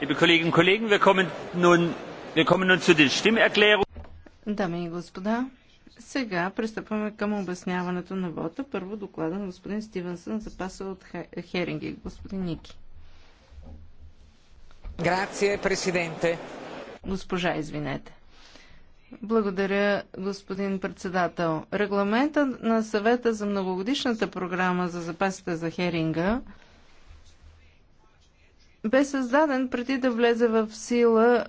Liebe Kolleginnen und Kollegen, wir kommen nun, wir kommen nun zu den Stimmerklärungen. Dame и господа, сега пристъпваме към обясняването на вота. Първо доклада на господин Стивенсън за паса от Херинги. Господин Ники. Грация, президенте. Госпожа, извинете. Благодаря, господин председател. Регламента на съвета за многогодишната програма за запасите за херинга бе създаден преди да влезе в сила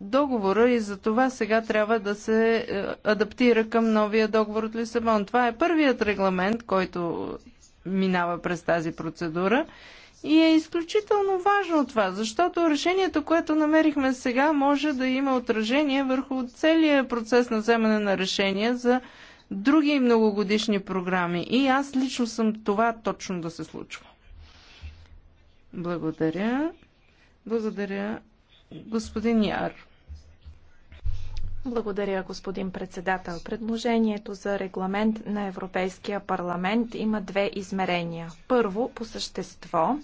договора и за това сега трябва да се е, адаптира към новия договор от Лисабон. Това е първият регламент, който минава през тази процедура. И е изключително важно това, защото решението, което намерихме сега, може да има отражение върху целия процес на вземане на решения за други многогодишни програми. И аз лично съм това точно да се случва. Благодаря. Благодаря, господин Яр. Благодаря, господин председател. Предложението за регламент на Европейския парламент има две измерения. Първо, по същество.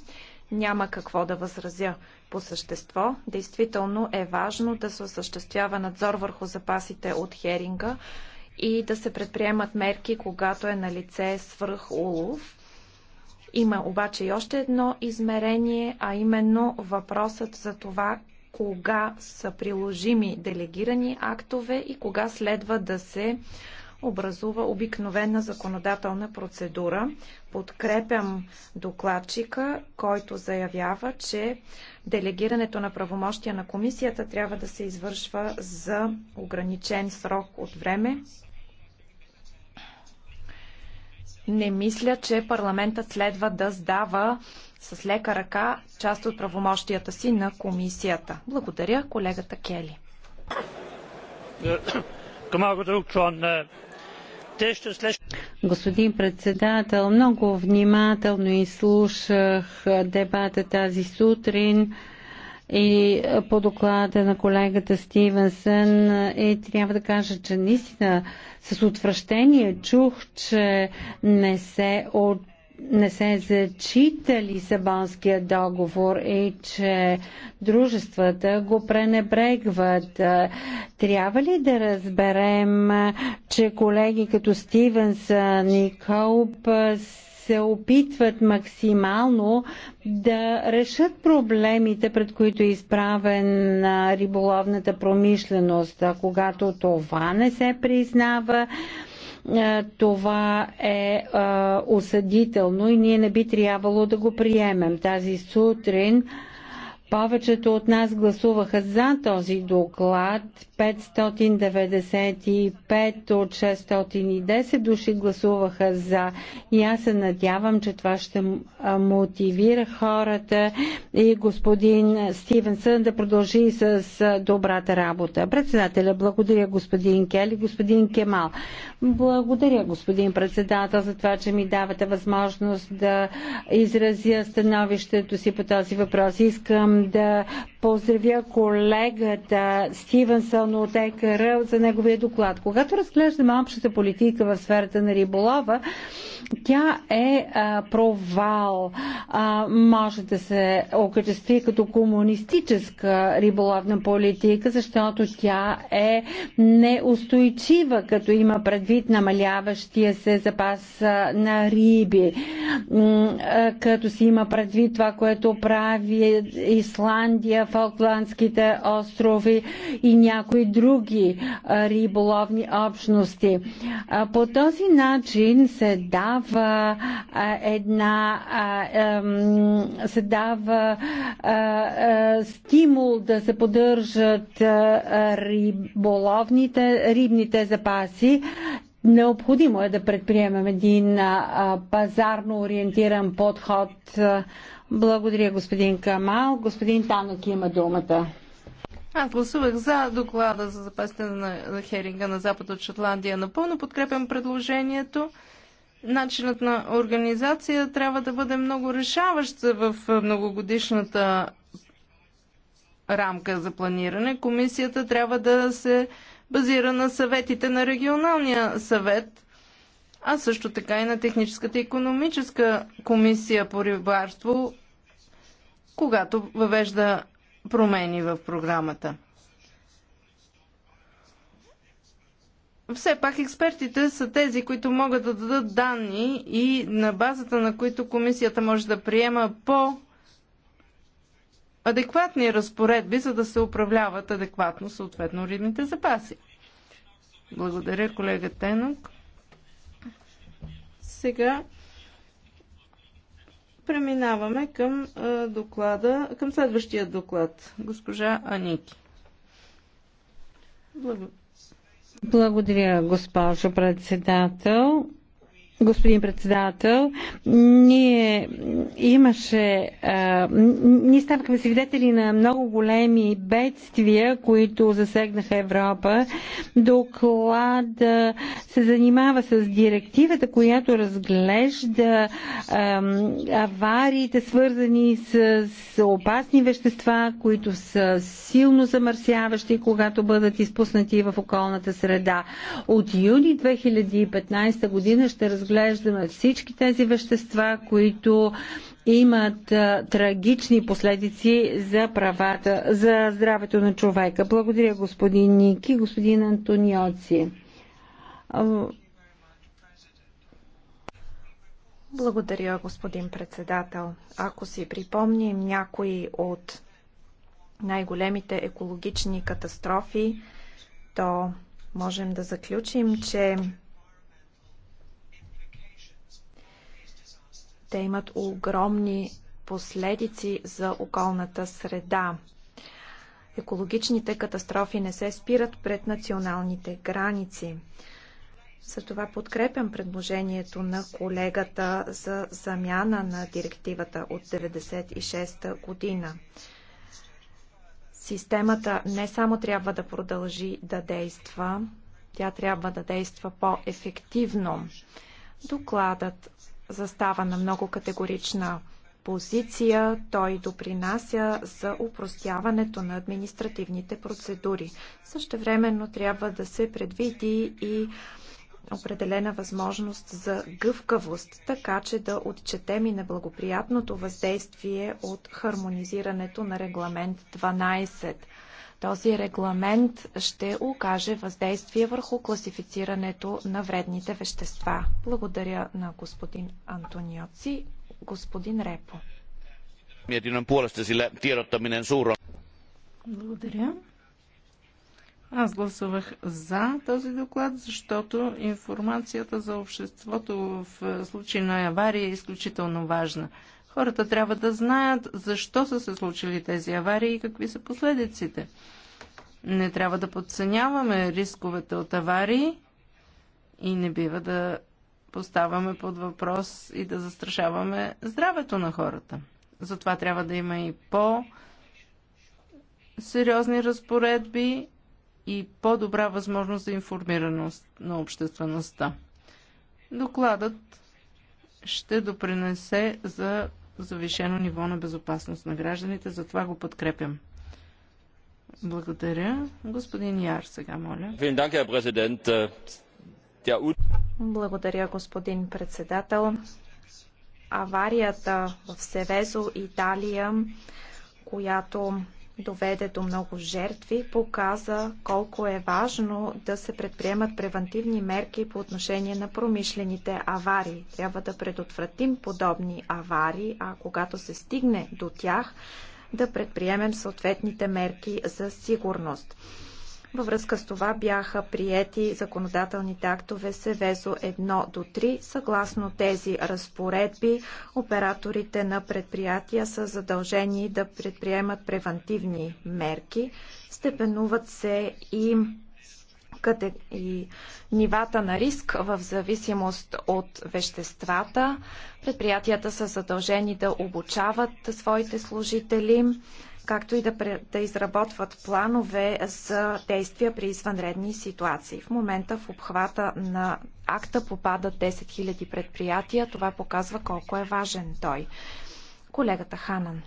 Няма какво да възразя по същество. Действително е важно да се осъществява надзор върху запасите от херинга и да се предприемат мерки, когато е на лице свръх улов има обаче и още едно измерение, а именно въпросът за това кога са приложими делегирани актове и кога следва да се образува обикновена законодателна процедура. Подкрепям докладчика, който заявява, че делегирането на правомощия на комисията трябва да се извършва за ограничен срок от време, не мисля, че парламентът следва да сдава с лека ръка част от правомощията си на комисията. Благодаря, колегата Кели. Господин председател, много внимателно изслушах дебата тази сутрин и е, по доклада на колегата Стивенсън и е, трябва да кажа, че наистина с отвращение чух, че не се от не се зачита Лисабонския договор и че дружествата го пренебрегват. Трябва ли да разберем, че колеги като Стивенсън и Коуп се опитват максимално да решат проблемите, пред които е изправен риболовната промишленост. А когато това не се признава, това е осъдително и ние не би трябвало да го приемем. Тази сутрин повечето от нас гласуваха за този доклад. 595 от 610 души гласуваха за. И аз се надявам, че това ще мотивира хората и господин Стивенсън да продължи с добрата работа. Председателя, благодаря господин Кели, господин Кемал. Благодаря господин председател за това, че ми давате възможност да изразя становището си по този въпрос. Искам да поздравя колегата Стивенсън от ЕКР за неговия доклад. Когато разглеждаме общата политика в сферата на риболова, тя е а, провал. А, може да се окачестви като комунистическа риболовна политика, защото тя е неустойчива, като има предвид намаляващия се запас на риби, като си има предвид това, което прави Исландия, Фолкландските острови и някои други риболовни общности. По този начин се дава една се дава стимул да се поддържат риболовните, рибните запаси, Необходимо е да предприемем един пазарно ориентиран подход благодаря, господин Камал. Господин Танък има думата. Аз гласувах за доклада за запасите на херинга на запад от Шотландия. Напълно подкрепям предложението. Начинът на организация трябва да бъде много решаващ в многогодишната рамка за планиране. Комисията трябва да се базира на съветите на регионалния съвет – а също така и на Техническата и економическа комисия по рибарство, когато въвежда промени в програмата. Все пак експертите са тези, които могат да дадат данни и на базата на които комисията може да приема по адекватни разпоредби, за да се управляват адекватно съответно рибните запаси. Благодаря, колега Тенок. Сега преминаваме към доклада, към следващия доклад. Госпожа Аники. Благодаря. Благодаря, госпожо председател господин председател, ние имаше, а, ние станахме свидетели на много големи бедствия, които засегнаха Европа. Доклад се занимава с директивата, която разглежда а, авариите, свързани с, с опасни вещества, които са силно замърсяващи, когато бъдат изпуснати в околната среда. От юни 2015 година ще разглежда разглеждаме всички тези вещества, които имат трагични последици за правата, за здравето на човека. Благодаря господин Ники, господин Антониоци. Благодаря, господин председател. Ако си припомним някои от най-големите екологични катастрофи, то можем да заключим, че те имат огромни последици за околната среда. Екологичните катастрофи не се спират пред националните граници. Затова подкрепям предложението на колегата за замяна на директивата от 1996 година. Системата не само трябва да продължи да действа, тя трябва да действа по-ефективно. Докладът застава на много категорична позиция. Той допринася за упростяването на административните процедури. времено трябва да се предвиди и определена възможност за гъвкавост, така че да отчетем и неблагоприятното въздействие от хармонизирането на регламент 12. Този регламент ще окаже въздействие върху класифицирането на вредните вещества. Благодаря на господин Антониоци. Господин Репо. Благодаря. Аз гласувах за този доклад, защото информацията за обществото в случай на авария е изключително важна. Хората трябва да знаят защо са се случили тези аварии и какви са последиците. Не трябва да подценяваме рисковете от аварии и не бива да поставяме под въпрос и да застрашаваме здравето на хората. Затова трябва да има и по- сериозни разпоредби и по-добра възможност за информираност на обществеността. Докладът ще допринесе за завишено ниво на безопасност на гражданите, затова го подкрепям. Благодаря. Господин Яр, сега моля. Благодаря, господин председател. Аварията в Севезо, Италия, която доведе до много жертви, показа колко е важно да се предприемат превентивни мерки по отношение на промишлените аварии. Трябва да предотвратим подобни аварии, а когато се стигне до тях, да предприемем съответните мерки за сигурност. Във връзка с това бяха приети законодателните актове Севезо 1 до 3. Съгласно тези разпоредби, операторите на предприятия са задължени да предприемат превантивни мерки. Степенуват се и къде и нивата на риск в зависимост от веществата. Предприятията са задължени да обучават своите служители както и да, да изработват планове за действия при извънредни ситуации. В момента в обхвата на акта попадат 10 000 предприятия. Това показва колко е важен той. Колегата Ханан.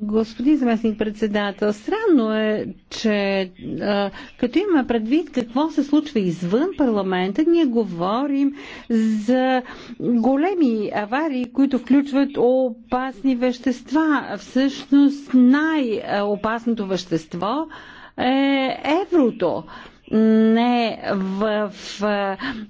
Господин заместник председател, странно е, че а, като има предвид какво се случва извън парламента, ние говорим за големи аварии, които включват опасни вещества. Всъщност най-опасното вещество е еврото не в, в,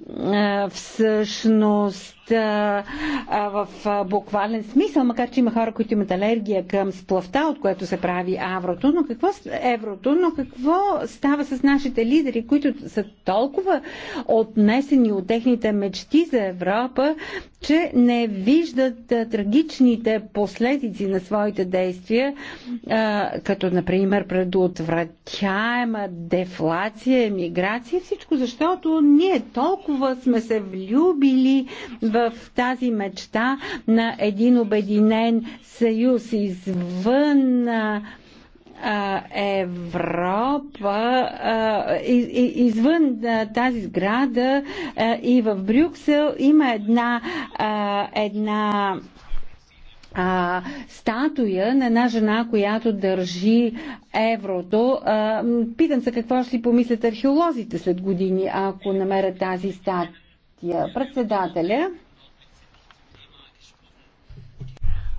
в всъщност а, в а, буквален смисъл, макар че има хора, които имат алергия към сплавта, от което се прави аврото, но какво, еврото, но какво става с нашите лидери, които са толкова отнесени от техните мечти за Европа, че не виждат а, трагичните последици на своите действия, а, като, например, предотвратяема дефлация, емиграция, всичко, защото ние толкова сме се влюбили в в тази мечта на един обединен съюз извън Европа, извън тази сграда и в Брюксел има една, една а, статуя на една жена, която държи еврото. А, питам се какво ще си помислят археолозите след години, ако намерят тази статия. Председателя.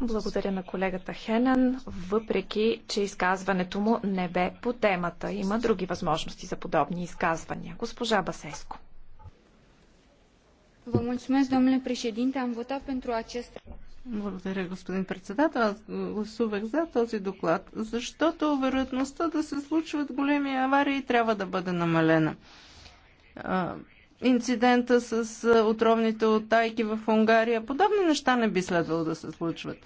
Благодаря на колегата Хенан, въпреки че изказването му не бе по темата. Има други възможности за подобни изказвания. Госпожа Басеско. Vă mulțumesc, domnule președinte. Am votat pentru acest... Благодаря, господин председател. Аз гласувах за този доклад, защото вероятността да се случват големи аварии трябва да бъде намалена инцидента с отровните оттайки в Унгария. Подобни неща не би следвало да се случват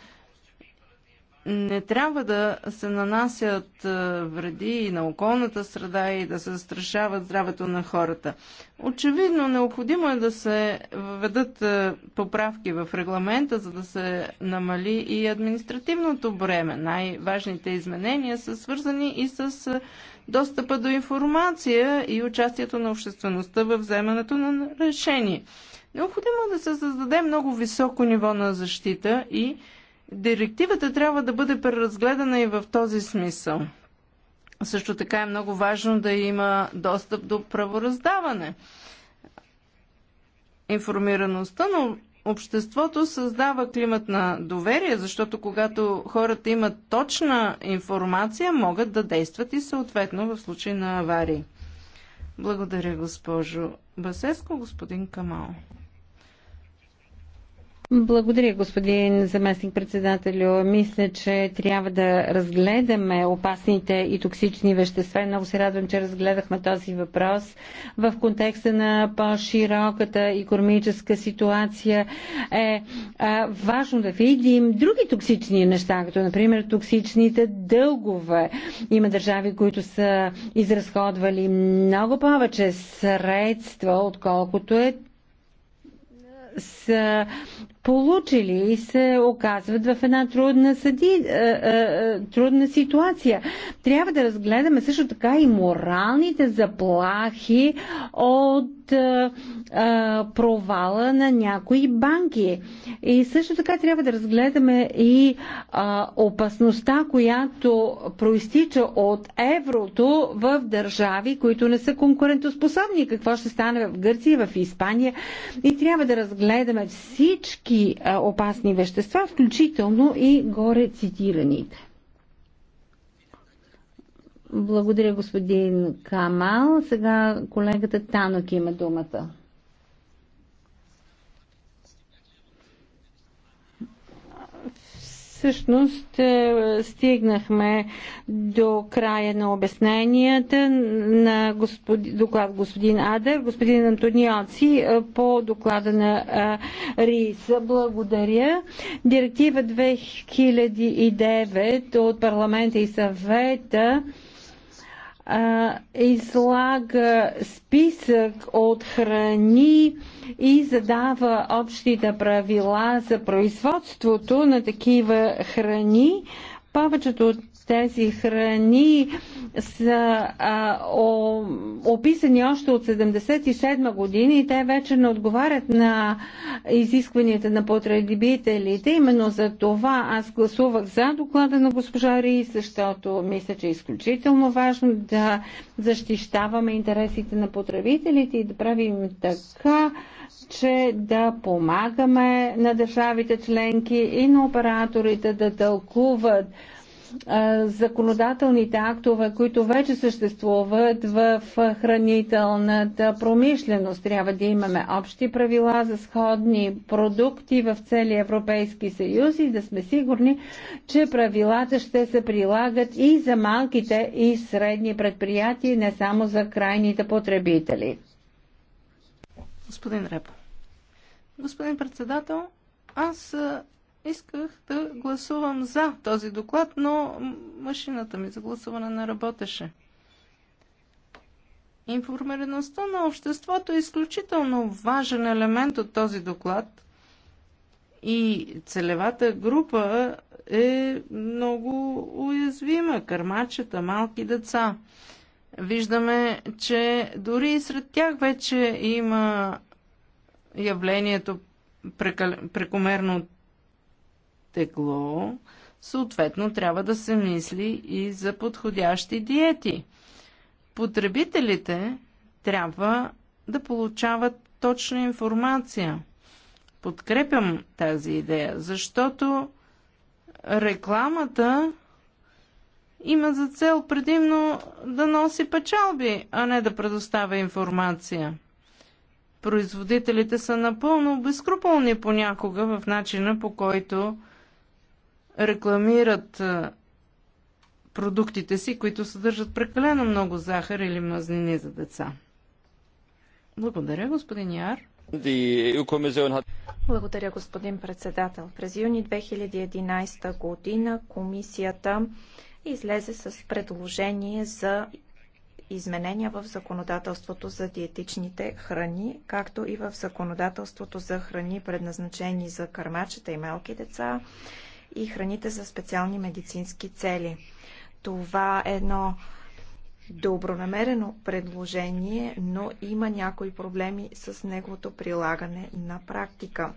не трябва да се нанасят е, вреди и на околната среда и да се застрашават здравето на хората. Очевидно, необходимо е да се въведат е, поправки в регламента, за да се намали и административното бреме. Най-важните изменения са свързани и с е, достъпа до информация и участието на обществеността в вземането на решение. Необходимо е да се създаде много високо ниво на защита и Директивата трябва да бъде преразгледана и в този смисъл. Също така е много важно да има достъп до правораздаване. Информираността на обществото създава климат на доверие, защото когато хората имат точна информация, могат да действат и съответно в случай на аварии. Благодаря, госпожо Басеско, господин Камал. Благодаря, господин заместник председателю. Мисля, че трябва да разгледаме опасните и токсични вещества. Много се радвам, че разгледахме този въпрос в контекста на по-широката економическа ситуация. Е а, важно да видим други токсични неща, като например токсичните дългове. Има държави, които са изразходвали много повече средства, отколкото е са получили и се оказват в една трудна, съди, е, е, е, трудна ситуация. Трябва да разгледаме също така и моралните заплахи от от а, провала на някои банки. И също така трябва да разгледаме и а, опасността, която проистича от еврото в държави, които не са конкурентоспособни. Какво ще стане в Гърция, в Испания. И трябва да разгледаме всички а, опасни вещества, включително и горе цитираните. Благодаря, господин Камал. Сега колегата Танок има думата. всъщност е, стигнахме до края на обясненията на господи, доклад господин Адер, господин Антониоци е, по доклада на е, РИС. Благодаря. Директива 2009 от парламента и съвета а, излага списък от храни и задава общите правила за производството на такива храни. Повечето от тези храни са а, о, описани още от 77 години и те вече не отговарят на изискванията на потребителите. Именно за това аз гласувах за доклада на госпожа Ри, защото мисля, че е изключително важно да защищаваме интересите на потребителите и да правим така, че да помагаме на държавите членки и на операторите да тълкуват законодателните актове, които вече съществуват в хранителната промишленост. Трябва да имаме общи правила за сходни продукти в целия Европейски съюз и да сме сигурни, че правилата ще се прилагат и за малките и средни предприятия, не само за крайните потребители. Господин Репо. Господин председател, аз Исках да гласувам за този доклад, но машината ми за гласуване не работеше. Информираността на обществото е изключително важен елемент от този доклад и целевата група е много уязвима – кърмачета, малки деца. Виждаме, че дори и сред тях вече има явлението прекомерно тегло, съответно трябва да се мисли и за подходящи диети. Потребителите трябва да получават точна информация. Подкрепям тази идея, защото рекламата има за цел предимно да носи печалби, а не да предоставя информация. Производителите са напълно безкруполни понякога в начина по който рекламират продуктите си, които съдържат прекалено много захар или мазнини за деца. Благодаря, господин Яр. Благодаря, господин председател. През юни 2011 година комисията излезе с предложение за изменения в законодателството за диетичните храни, както и в законодателството за храни, предназначени за кърмачета и малки деца и храните за специални медицински цели. Това е едно добронамерено предложение, но има някои проблеми с неговото прилагане на практика.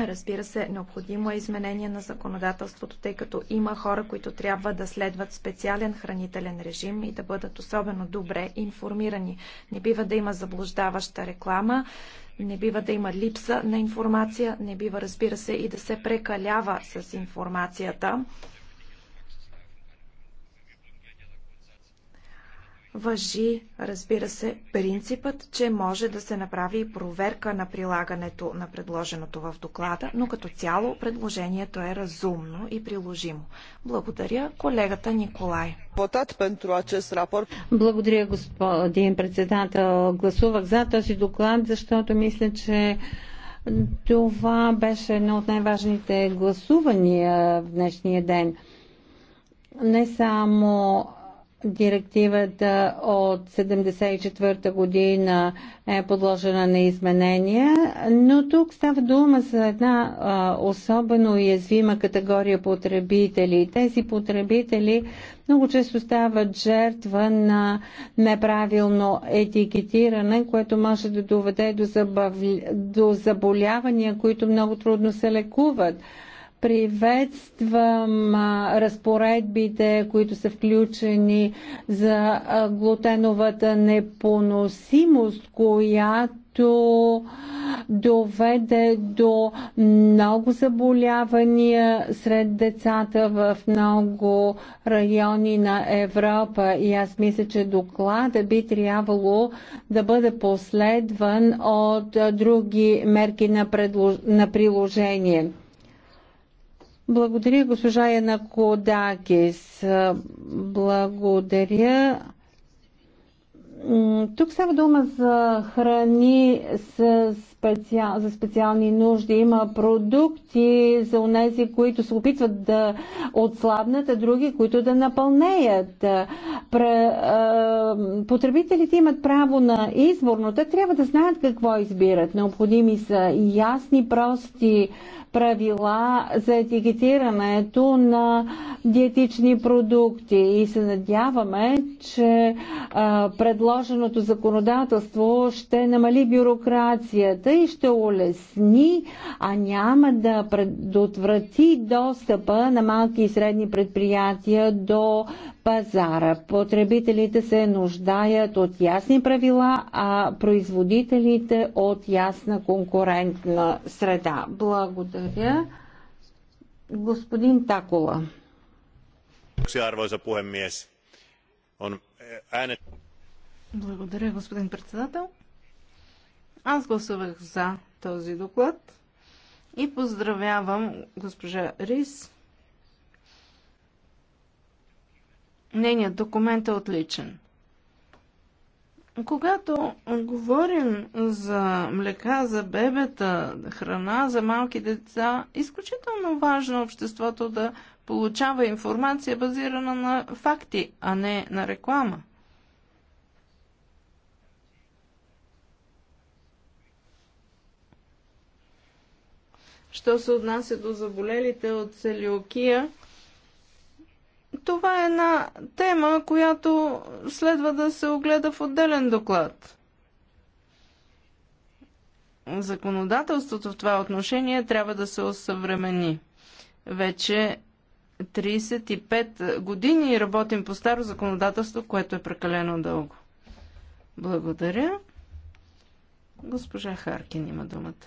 Разбира се, необходимо е изменение на законодателството, тъй като има хора, които трябва да следват специален хранителен режим и да бъдат особено добре информирани. Не бива да има заблуждаваща реклама, не бива да има липса на информация, не бива, разбира се, и да се прекалява с информацията. Въжи, разбира се, принципът, че може да се направи и проверка на прилагането на предложеното в доклада, но като цяло предложението е разумно и приложимо. Благодаря колегата Николай. Благодаря, господин председател. Гласувах за този доклад, защото мисля, че това беше едно от най-важните гласувания в днешния ден. Не само Директивата от 1974 година е подложена на изменения, но тук става дума за една а, особено уязвима категория потребители. Тези потребители много често стават жертва на неправилно етикетиране, което може да доведе до, забав... до заболявания, които много трудно се лекуват. Приветствам разпоредбите, които са включени за глутеновата непоносимост, която доведе до много заболявания сред децата в много райони на Европа. И аз мисля, че докладът би трябвало да бъде последван от други мерки на, предлож... на приложение. Благодаря, госпожа Яна Кодакис. Благодаря. Тук става дума за храни с специал, за специални нужди. Има продукти за унези, които се опитват да отслабнат, а други, които да напълнеят. Пре, а, потребителите имат право на избор, но те трябва да знаят какво избират. Необходими са ясни, прости правила за етикетирането на диетични продукти и се надяваме, че а, предложеното законодателство ще намали бюрокрацията хората и ще улесни, а няма да предотврати достъпа на малки и средни предприятия до пазара. Потребителите се нуждаят от ясни правила, а производителите от ясна конкурентна среда. Благодаря. Господин Такола. Е, Благодаря, господин председател. Аз гласувах за този доклад и поздравявам госпожа Рис. Нейният документ е отличен. Когато говорим за млека за бебета, храна за малки деца, изключително важно обществото да получава информация базирана на факти, а не на реклама. Що се отнася до заболелите от целиокия, това е една тема, която следва да се огледа в отделен доклад. Законодателството в това отношение трябва да се осъвремени. Вече 35 години работим по старо законодателство, което е прекалено дълго. Благодаря. Госпожа Харкин има думата.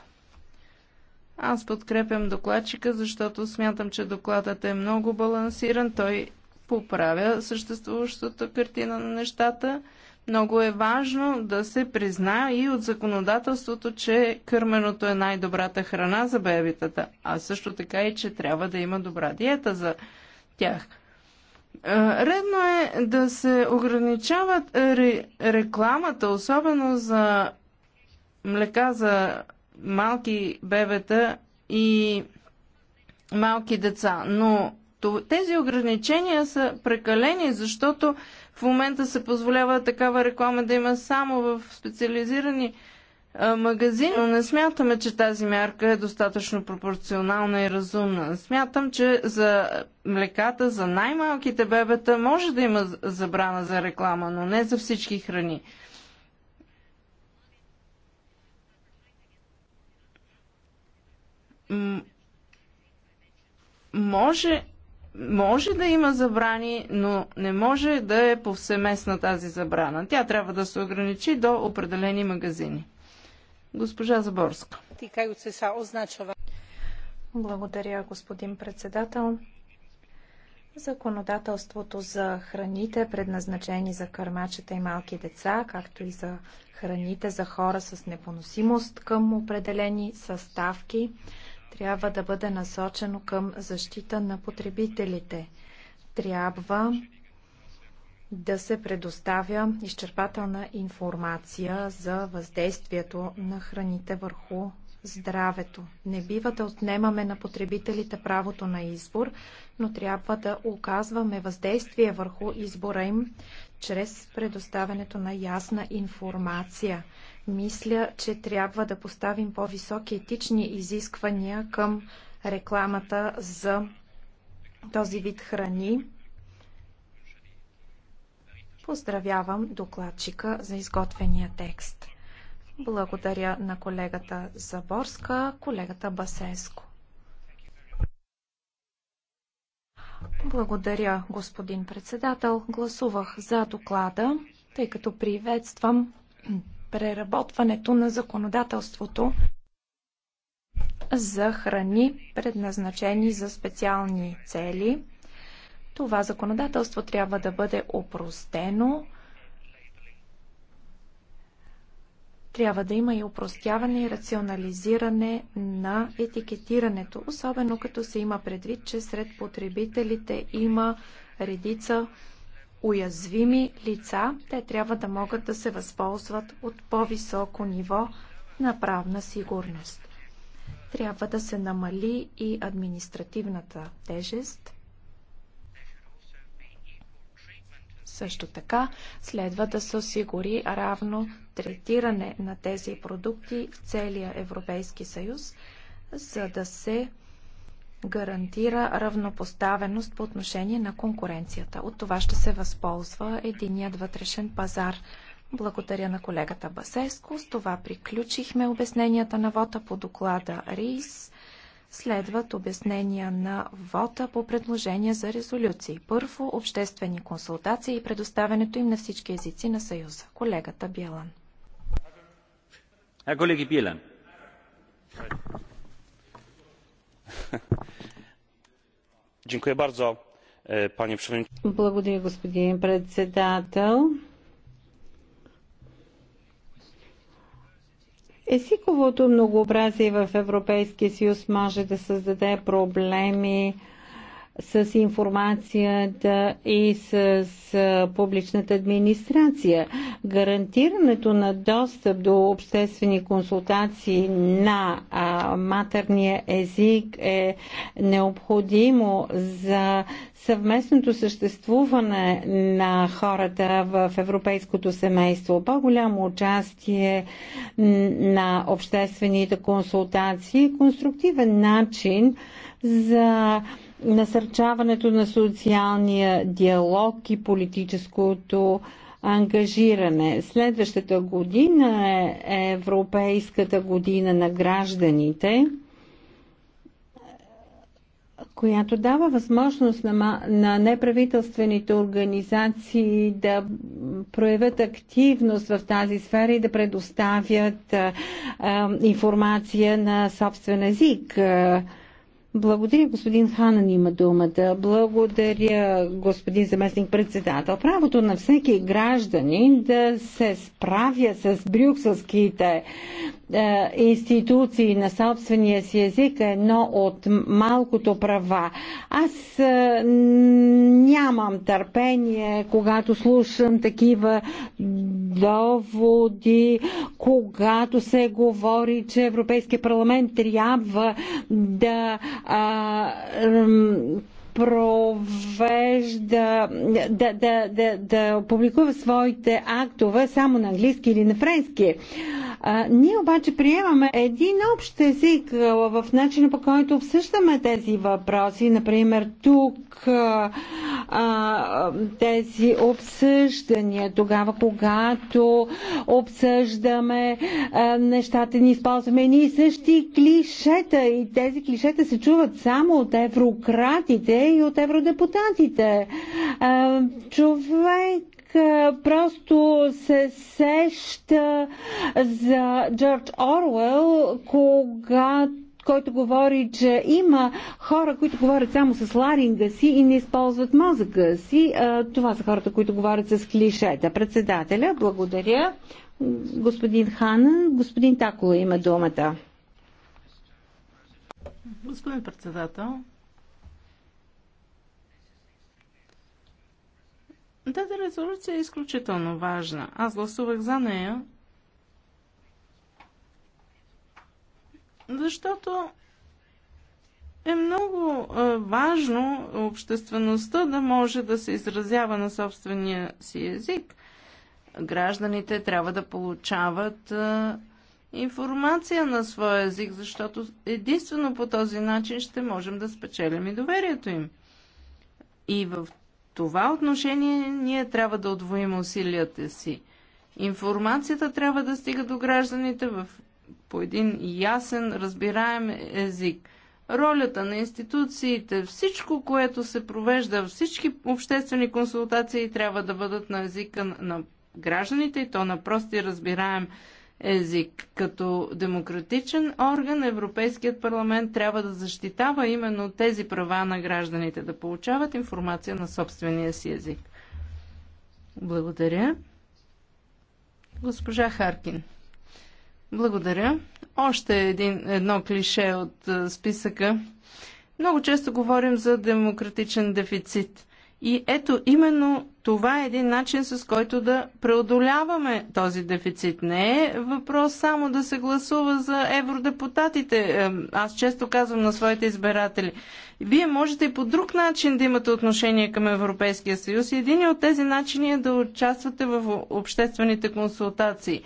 Аз подкрепям докладчика, защото смятам, че докладът е много балансиран. Той поправя съществуващата картина на нещата. Много е важно да се призна и от законодателството, че кърменото е най-добрата храна за бебитата, а също така и, че трябва да има добра диета за тях. Редно е да се ограничават рекламата, особено за млека за малки бебета и малки деца. Но тези ограничения са прекалени, защото в момента се позволява такава реклама да има само в специализирани магазини. но не смятаме, че тази мярка е достатъчно пропорционална и разумна. Смятам, че за млеката, за най-малките бебета може да има забрана за реклама, но не за всички храни. може, може да има забрани, но не може да е повсеместна тази забрана. Тя трябва да се ограничи до определени магазини. Госпожа Заборска. Благодаря, господин председател. Законодателството за храните, предназначени за кърмачета и малки деца, както и за храните за хора с непоносимост към определени съставки, трябва да бъде насочено към защита на потребителите. Трябва да се предоставя изчерпателна информация за въздействието на храните върху здравето. Не бива да отнемаме на потребителите правото на избор, но трябва да оказваме въздействие върху избора им чрез предоставянето на ясна информация. Мисля, че трябва да поставим по-високи етични изисквания към рекламата за този вид храни. Поздравявам докладчика за изготвения текст. Благодаря на колегата Заборска, колегата Басеско. Благодаря, господин председател. Гласувах за доклада, тъй като приветствам преработването на законодателството за храни, предназначени за специални цели. Това законодателство трябва да бъде опростено. Трябва да има и опростяване и рационализиране на етикетирането, особено като се има предвид, че сред потребителите има редица уязвими лица, те трябва да могат да се възползват от по-високо ниво на правна сигурност. Трябва да се намали и административната тежест. Също така следва да се осигури равно третиране на тези продукти в целия Европейски съюз, за да се гарантира равнопоставеност по отношение на конкуренцията. От това ще се възползва единият вътрешен пазар. Благодаря на колегата Басеско. С това приключихме обясненията на вота по доклада РИС. Следват обяснения на вота по предложения за резолюции. Първо, обществени консултации и предоставянето им на всички езици на Съюза. Колегата Бялан. Е, колеги Бялан. E, Благодаря, господин председател. Езиковото многообразие в Европейския съюз може да създаде проблеми с информацията и с публичната администрация. Гарантирането на достъп до обществени консултации на матерния език е необходимо за съвместното съществуване на хората в европейското семейство. По-голямо участие на обществените консултации е конструктивен начин за насърчаването на социалния диалог и политическото ангажиране. Следващата година е Европейската година на гражданите, която дава възможност на, неправителствените организации да проявят активност в тази сфера и да предоставят информация на собствен език. Благодаря, господин Ханан има думата. Благодаря, господин заместник председател. Правото на всеки гражданин да се справя с брюкселските е, институции на собствения си език е едно от малкото права. Аз е, нямам търпение, когато слушам такива доводи, когато се говори, че Европейския парламент трябва да а, провежда, да, да, да, да публикува своите актове само на английски или на френски. А, а, ние обаче приемаме един общ език в начина по който обсъждаме тези въпроси. Например, тук а, а, тези обсъждания, тогава когато обсъждаме а, нещата, ни използваме ние същи клишета и тези клишета се чуват само от еврократите и от евродепутатите. А, човек просто се сеща за Джордж Орвел, когато който говори, че има хора, които говорят само с ларинга си и не използват мозъка си. Това са хората, които говорят с клишета. Председателя, благодаря. Господин Ханан, господин Такова, има думата. Господин председател, Тази резолюция е изключително важна. Аз гласувах за нея, защото е много важно обществеността да може да се изразява на собствения си език. Гражданите трябва да получават информация на своя език, защото единствено по този начин ще можем да спечелим и доверието им. И в това отношение ние трябва да отвоим усилията си. Информацията трябва да стига до гражданите в, по един ясен, разбираем език. Ролята на институциите, всичко, което се провежда, всички обществени консултации трябва да бъдат на езика на гражданите и то на прости разбираем език език. Като демократичен орган Европейският парламент трябва да защитава именно тези права на гражданите, да получават информация на собствения си език. Благодаря. Госпожа Харкин. Благодаря. Още един, едно клише от списъка. Много често говорим за демократичен дефицит. И ето именно това е един начин, с който да преодоляваме този дефицит. Не е въпрос само да се гласува за евродепутатите. Аз често казвам на своите избиратели. Вие можете и по друг начин да имате отношение към Европейския съюз един от тези начини е да участвате в обществените консултации.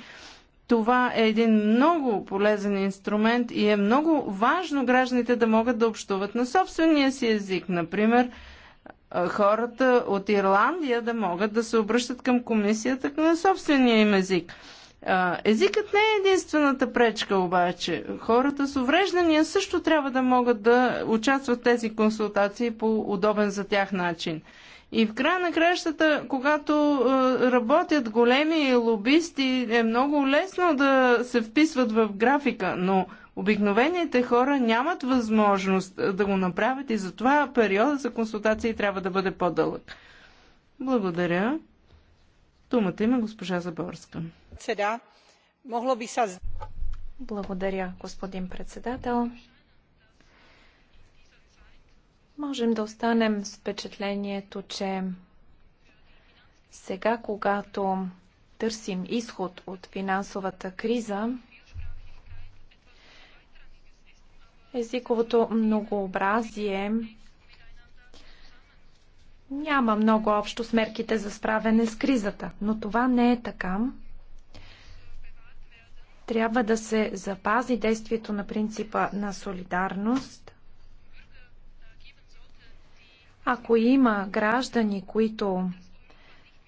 Това е един много полезен инструмент и е много важно гражданите да могат да общуват на собствения си език. Например, хората от Ирландия да могат да се обръщат към комисията на собствения им език. Езикът не е единствената пречка обаче. Хората с увреждания също трябва да могат да участват в тези консултации по удобен за тях начин. И в края на кращата, когато работят големи лобисти, е много лесно да се вписват в графика, но Обикновените хора нямат възможност да го направят и затова периода за консултации трябва да бъде по-дълъг. Благодаря. Думата има госпожа Заборска. Седа, могло би са... Благодаря, господин председател. Можем да останем с впечатлението, че сега, когато търсим изход от финансовата криза, езиковото многообразие няма много общо с мерките за справяне с кризата, но това не е така. Трябва да се запази действието на принципа на солидарност. Ако има граждани, които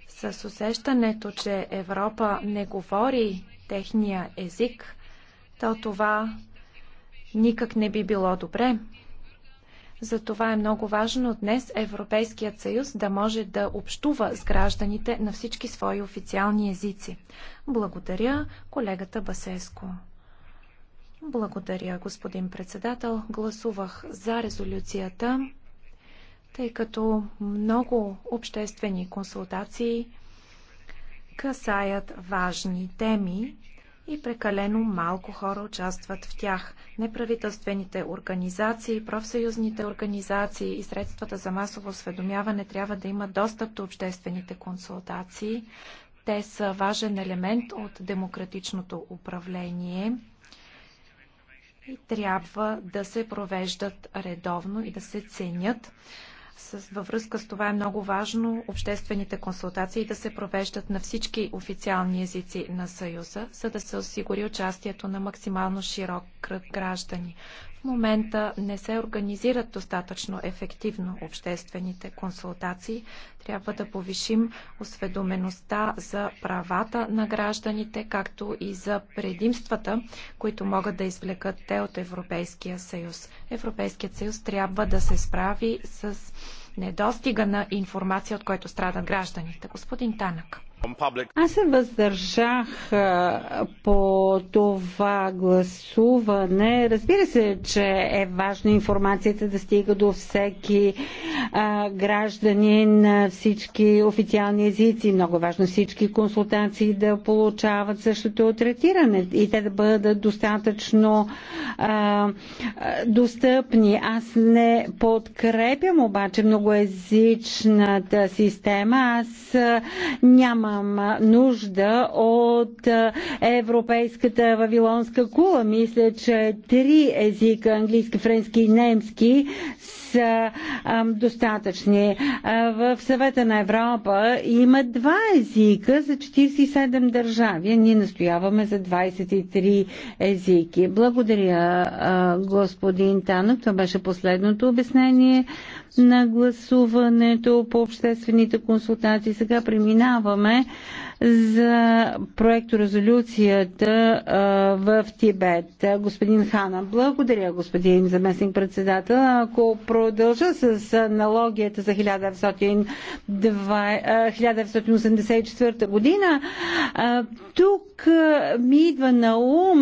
с усещането, че Европа не говори техния език, то това никак не би било добре. Затова е много важно днес Европейският съюз да може да общува с гражданите на всички свои официални езици. Благодаря колегата Басеско. Благодаря, господин председател. Гласувах за резолюцията, тъй като много обществени консултации касаят важни теми и прекалено малко хора участват в тях. Неправителствените организации, профсъюзните организации и средствата за масово осведомяване трябва да имат достъп до обществените консултации. Те са важен елемент от демократичното управление и трябва да се провеждат редовно и да се ценят с, във връзка с това е много важно обществените консултации да се провеждат на всички официални езици на Съюза, за да се осигури участието на максимално широк кръг граждани момента не се организират достатъчно ефективно обществените консултации. Трябва да повишим осведомеността за правата на гражданите, както и за предимствата, които могат да извлекат те от Европейския съюз. Европейският съюз трябва да се справи с недостига на информация, от който страдат гражданите. Господин Танък. Аз се въздържах по това гласуване. Разбира се, че е важно информацията да стига до всеки граждани на всички официални езици. Много важно всички консултации да получават същото третиране и те да бъдат достатъчно а, достъпни. Аз не подкрепям обаче многоязичната система. Аз няма нужда от европейската вавилонска кула. Мисля, че три езика, английски, френски и немски, са достатъчни. в съвета на Европа има два езика за 47 държави. Ние настояваме за 23 езики. Благодаря, господин Танов. Това беше последното обяснение на гласуването по обществените консултации. Сега преминаваме за проекторезолюцията в Тибет. Господин Хана, благодаря, господин заместник председател. Ако продължа с аналогията за 1984 година, тук ми идва на ум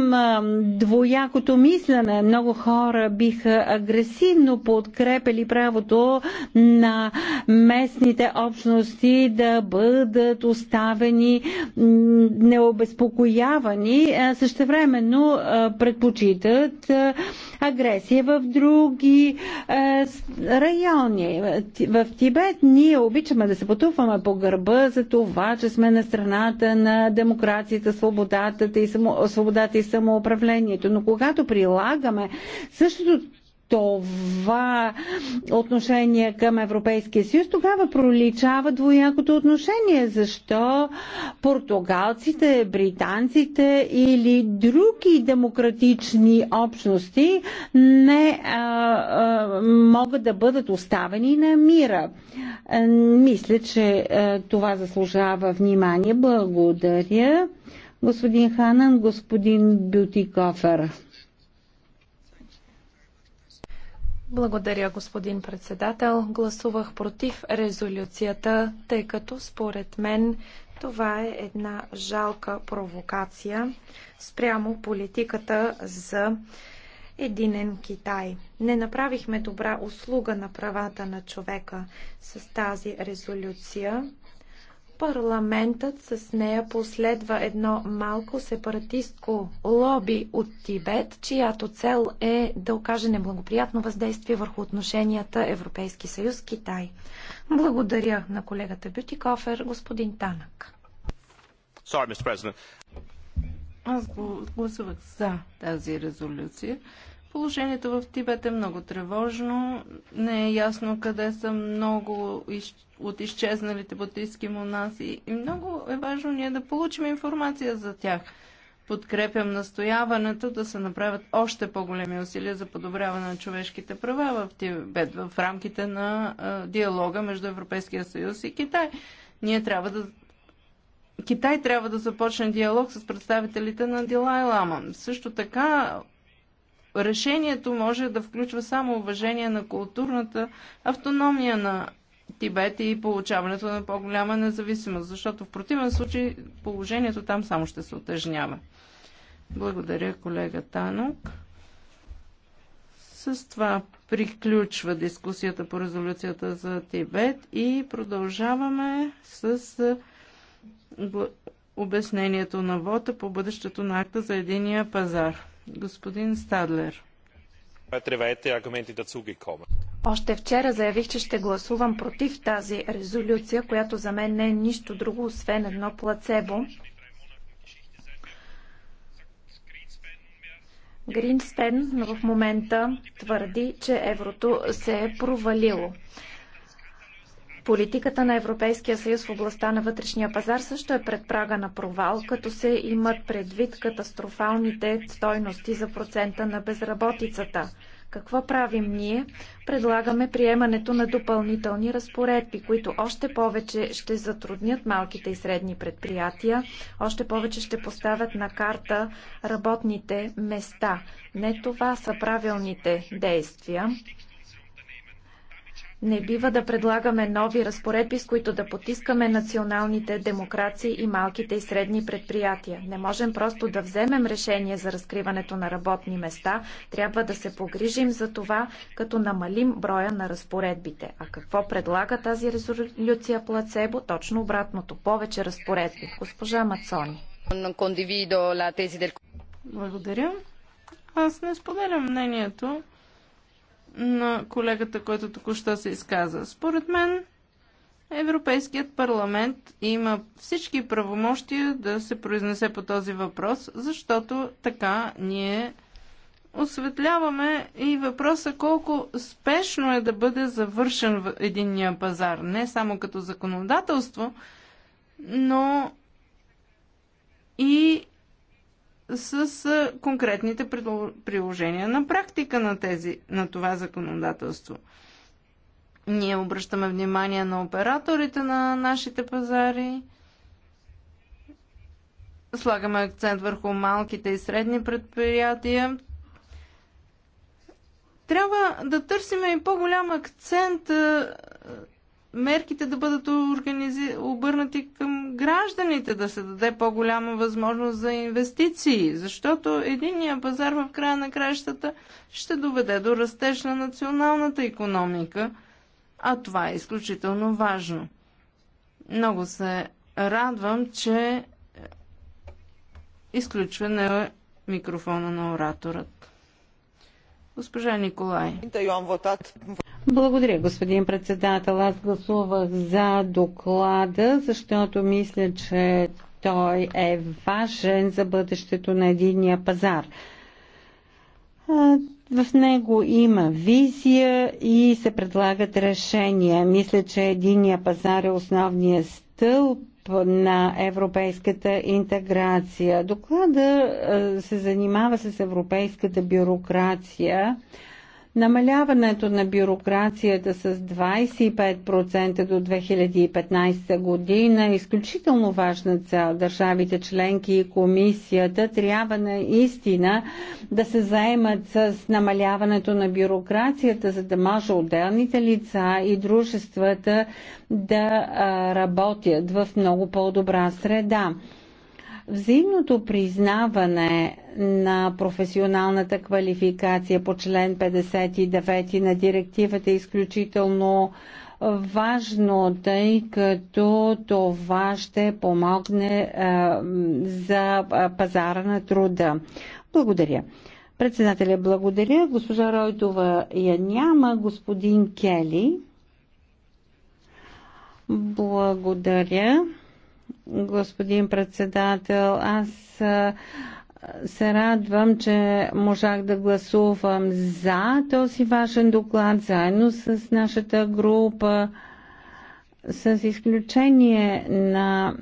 двоякото мислене. Много хора биха агресивно подкрепили правото на местните общности да бъдат оставени ни необезпокоявани, същевременно предпочитат агресия в други райони. В Тибет ние обичаме да се потупваме по гърба за това, че сме на страната на демокрацията, свободата и, само, свободата и самоуправлението. Но когато прилагаме същото това отношение към Европейския съюз, тогава проличава двоякото отношение. Защо португалците, британците или други демократични общности не а, а, могат да бъдат оставени на мира? А, мисля, че а, това заслужава внимание. Благодаря. Господин Ханан, господин Бютикофер. Благодаря, господин председател. Гласувах против резолюцията, тъй като според мен това е една жалка провокация спрямо политиката за единен Китай. Не направихме добра услуга на правата на човека с тази резолюция. Парламентът с нея последва едно малко сепаратистко лоби от Тибет, чиято цел е да окаже неблагоприятно въздействие върху отношенията Европейски съюз Китай. Благодаря на колегата Бютикофер, господин Танък. Sorry, Аз гласувах за тази резолюция Положението в Тибет е много тревожно. Не е ясно къде са много от изчезналите бутийски монаси и много е важно ние да получим информация за тях. Подкрепям настояването да се направят още по-големи усилия за подобряване на човешките права в Тибет в рамките на диалога между Европейския съюз и Китай. Ние трябва да Китай трябва да започне диалог с представителите на Дилай Лама. Също така решението може да включва само уважение на културната автономия на Тибет и получаването на по-голяма независимост, защото в противен случай положението там само ще се отежнява. Благодаря, колега Танок. С това приключва дискусията по резолюцията за Тибет и продължаваме с обяснението на вота по бъдещето на акта за единия пазар. Господин Стадлер. Още вчера заявих, че ще гласувам против тази резолюция, която за мен не е нищо друго, освен едно плацебо. Гринспен в момента твърди, че еврото се е провалило. Политиката на Европейския съюз в областта на вътрешния пазар също е пред прага на провал, като се имат предвид катастрофалните стойности за процента на безработицата. Какво правим ние? Предлагаме приемането на допълнителни разпоредби, които още повече ще затруднят малките и средни предприятия, още повече ще поставят на карта работните места. Не това са правилните действия. Не бива да предлагаме нови разпоредби, с които да потискаме националните демокрации и малките и средни предприятия. Не можем просто да вземем решение за разкриването на работни места. Трябва да се погрижим за това, като намалим броя на разпоредбите. А какво предлага тази резолюция плацебо? Точно обратното. Повече разпоредби. Госпожа Мацони. Благодаря. Аз не споделям мнението на колегата, който току-що се изказа. Според мен Европейският парламент има всички правомощия да се произнесе по този въпрос, защото така ние осветляваме и въпроса колко спешно е да бъде завършен в единния пазар, не само като законодателство, но и с конкретните приложения на практика на, тези, на това законодателство. Ние обръщаме внимание на операторите на нашите пазари, слагаме акцент върху малките и средни предприятия. Трябва да търсим и по-голям акцент мерките да бъдат организи... обърнати към гражданите, да се даде по-голяма възможност за инвестиции, защото единния пазар в края на краищата ще доведе до растеж на националната економика, а това е изключително важно. Много се радвам, че изключване е микрофона на ораторът. Госпожа Николай. Благодаря, господин председател. Аз гласувах за доклада, защото мисля, че той е важен за бъдещето на единния пазар. В него има визия и се предлагат решения. Мисля, че единния пазар е основния стълб на европейската интеграция. Доклада се занимава с европейската бюрокрация. Намаляването на бюрокрацията с 25% до 2015 година е изключително важна цел. Държавите членки и комисията трябва наистина да се заемат с намаляването на бюрокрацията, за да може отделните лица и дружествата да работят в много по-добра среда. Взаимното признаване на професионалната квалификация по член 59 на директивата е изключително важно, тъй като това ще помогне е, за е, пазара на труда. Благодаря. Председателя, благодаря. Госпожа Ройтова я няма. Господин Кели. Благодаря господин председател. Аз се радвам, че можах да гласувам за този важен доклад, заедно с нашата група, с изключение на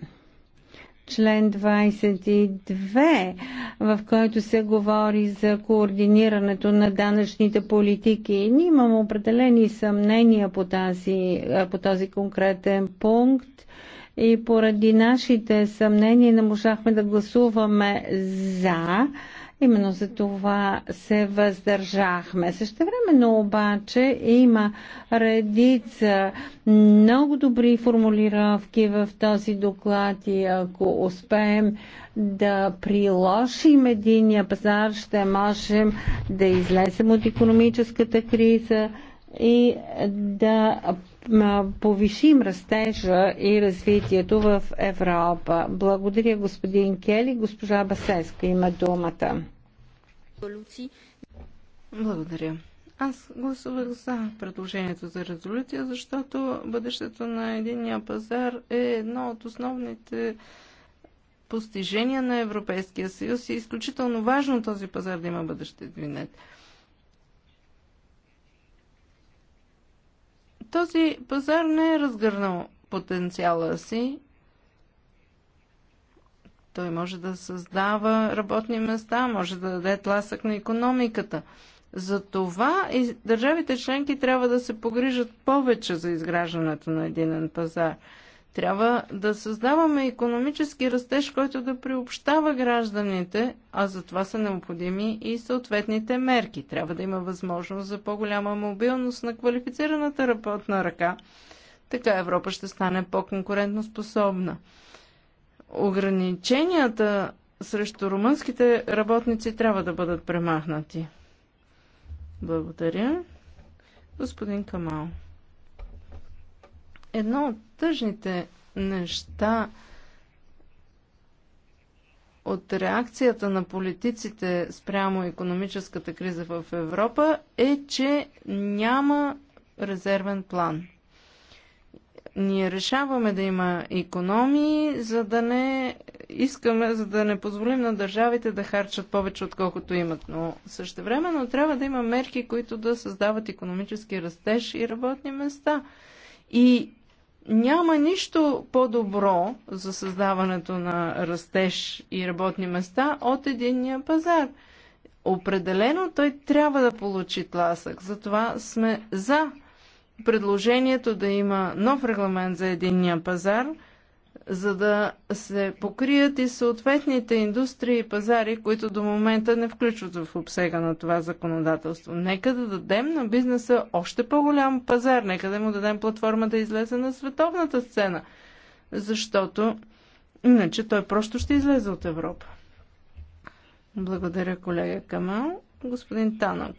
член 22, в който се говори за координирането на данъчните политики. Ние имам определени съмнения по, тази, по този конкретен пункт и поради нашите съмнения не можахме да гласуваме за. Именно за това се въздържахме. Същевременно обаче има редица много добри формулировки в този доклад и ако успеем да приложим единия пазар, ще можем да излезем от економическата криза и да повишим растежа и развитието в Европа. Благодаря господин Кели. Госпожа Басеска има думата. Благодаря. Аз гласувах за предложението за резолюция, защото бъдещето на единния пазар е едно от основните постижения на Европейския съюз и е изключително важно този пазар да има бъдеще. Извинете. Този пазар не е разгърнал потенциала си. Той може да създава работни места, може да даде тласък на економиката. За това и държавите членки трябва да се погрижат повече за изграждането на единен пазар. Трябва да създаваме економически растеж, който да приобщава гражданите, а за това са необходими и съответните мерки. Трябва да има възможност за по-голяма мобилност на квалифицираната работна ръка. Така Европа ще стане по-конкурентно способна. Ограниченията срещу румънските работници трябва да бъдат премахнати. Благодаря. Господин Камал. Едно от тъжните неща от реакцията на политиците спрямо економическата криза в Европа е, че няма резервен план. Ние решаваме да има економии, за да не искаме, за да не позволим на държавите да харчат повече, отколкото имат. Но същевременно трябва да има мерки, които да създават економически растеж и работни места. И няма нищо по-добро за създаването на растеж и работни места от единния пазар. Определено той трябва да получи тласък. Затова сме за предложението да има нов регламент за единния пазар – за да се покрият и съответните индустрии и пазари, които до момента не включват в обсега на това законодателство. Нека да дадем на бизнеса още по-голям пазар, нека да му дадем платформа да излезе на световната сцена, защото иначе той просто ще излезе от Европа. Благодаря, колега Камал. Господин Тано.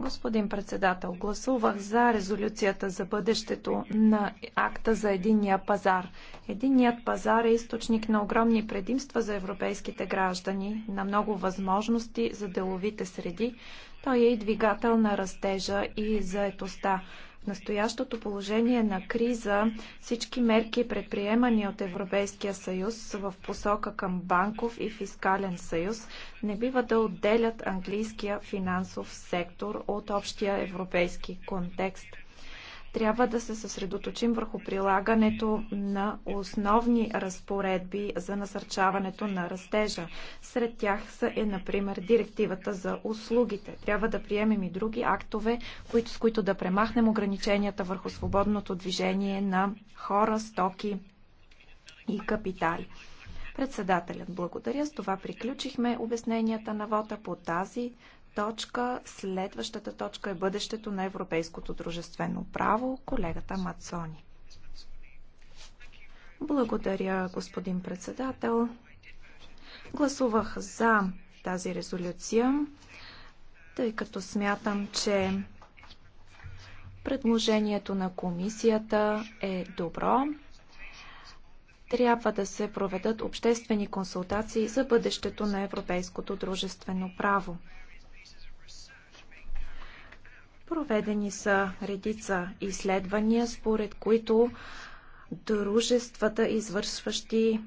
Господин председател, гласувах за резолюцията за бъдещето на акта за единния пазар. Единният пазар е източник на огромни предимства за европейските граждани, на много възможности за деловите среди. Той е и двигател на растежа и заетостта. В настоящото положение на криза всички мерки, предприемани от Европейския съюз в посока към банков и фискален съюз, не бива да отделят английския финансов сектор от общия европейски контекст – трябва да се съсредоточим върху прилагането на основни разпоредби за насърчаването на растежа. Сред тях са е, например, директивата за услугите. Трябва да приемем и други актове, които, с които да премахнем ограниченията върху свободното движение на хора, стоки и капитали. Председателят благодаря. С това приключихме обясненията на вота по тази точка. Следващата точка е бъдещето на европейското дружествено право. Колегата Мацони. Благодаря, господин председател. Гласувах за тази резолюция, тъй като смятам, че предложението на комисията е добро. Трябва да се проведат обществени консултации за бъдещето на европейското дружествено право. Проведени са редица изследвания, според които дружествата, извършващи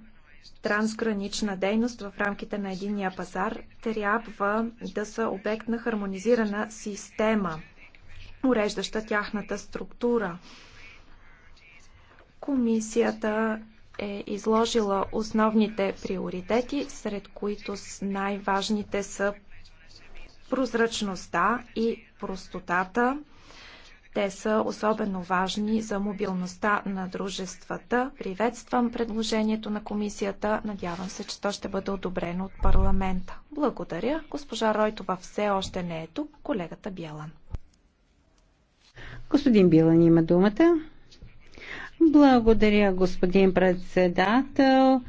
трансгранична дейност в рамките на единия пазар, трябва да са обект на хармонизирана система, уреждаща тяхната структура. Комисията е изложила основните приоритети, сред които най-важните са прозрачността и простотата. Те са особено важни за мобилността на дружествата. Приветствам предложението на комисията. Надявам се, че то ще бъде одобрено от парламента. Благодаря. Госпожа Ройтова все още не е тук. Колегата Бялан. Господин Билан има думата. Благодаря, господин председател.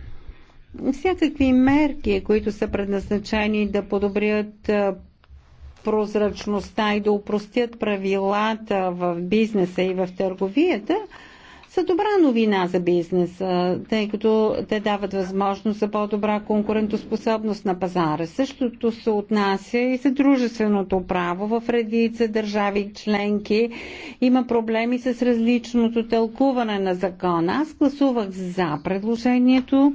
Всякакви мерки, които са предназначени да подобрят прозрачността и да упростят правилата в бизнеса и в търговията, са добра новина за бизнеса, тъй като те дават възможност за по-добра конкурентоспособност на пазара. Същото се отнася и за дружественото право в редица държави членки. Има проблеми с различното тълкуване на закона. Аз гласувах за предложението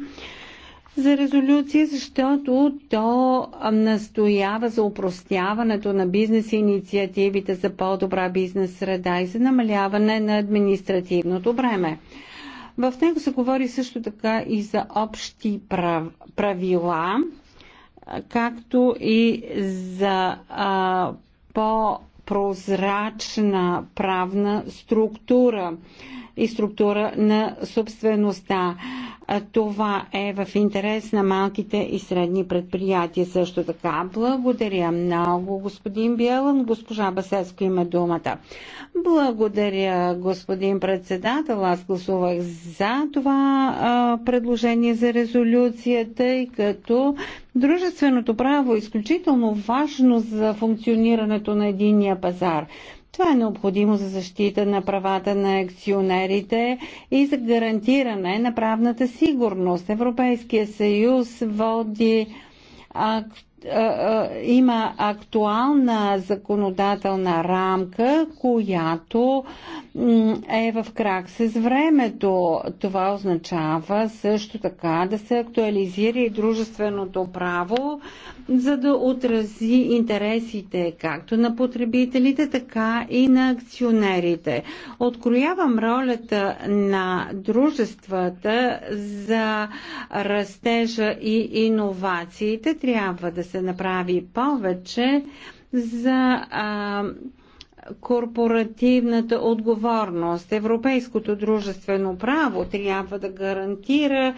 за резолюция, защото то настоява за упростяването на бизнес инициативите за по-добра бизнес среда и за намаляване на административното бреме. В него се говори също така и за общи прав... правила, както и за а, по прозрачна правна структура и структура на собствеността. Това е в интерес на малките и средни предприятия също така. Благодаря много, господин Бялан. Госпожа Басецко има думата. Благодаря, господин председател. Аз гласувах за това а, предложение за резолюцията, тъй като дружественото право е изключително важно за функционирането на единия пазар. Това е необходимо за защита на правата на акционерите и за гарантиране на правната сигурност. Европейския съюз води има актуална законодателна рамка, която е в крак с времето. Това означава също така да се актуализира и дружественото право за да отрази интересите както на потребителите, така и на акционерите. Откроявам ролята на дружествата за растежа и иновациите. Трябва да се направи повече за а, корпоративната отговорност. Европейското дружествено право трябва да гарантира,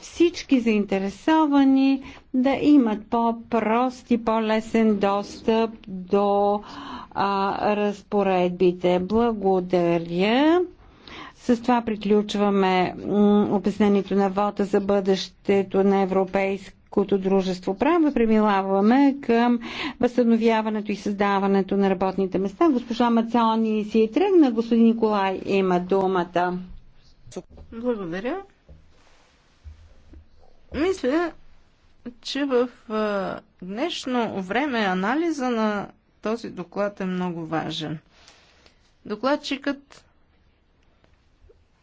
всички заинтересовани да имат по-прост и по-лесен достъп до а, разпоредбите. Благодаря. С това приключваме обяснението на вода за бъдещето на Европейското дружество право. Премилаваме към възстановяването и създаването на работните места. Госпожа Мацони си е тръгна. Господин Николай има думата. Благодаря. Мисля, че в днешно време анализа на този доклад е много важен. Докладчикът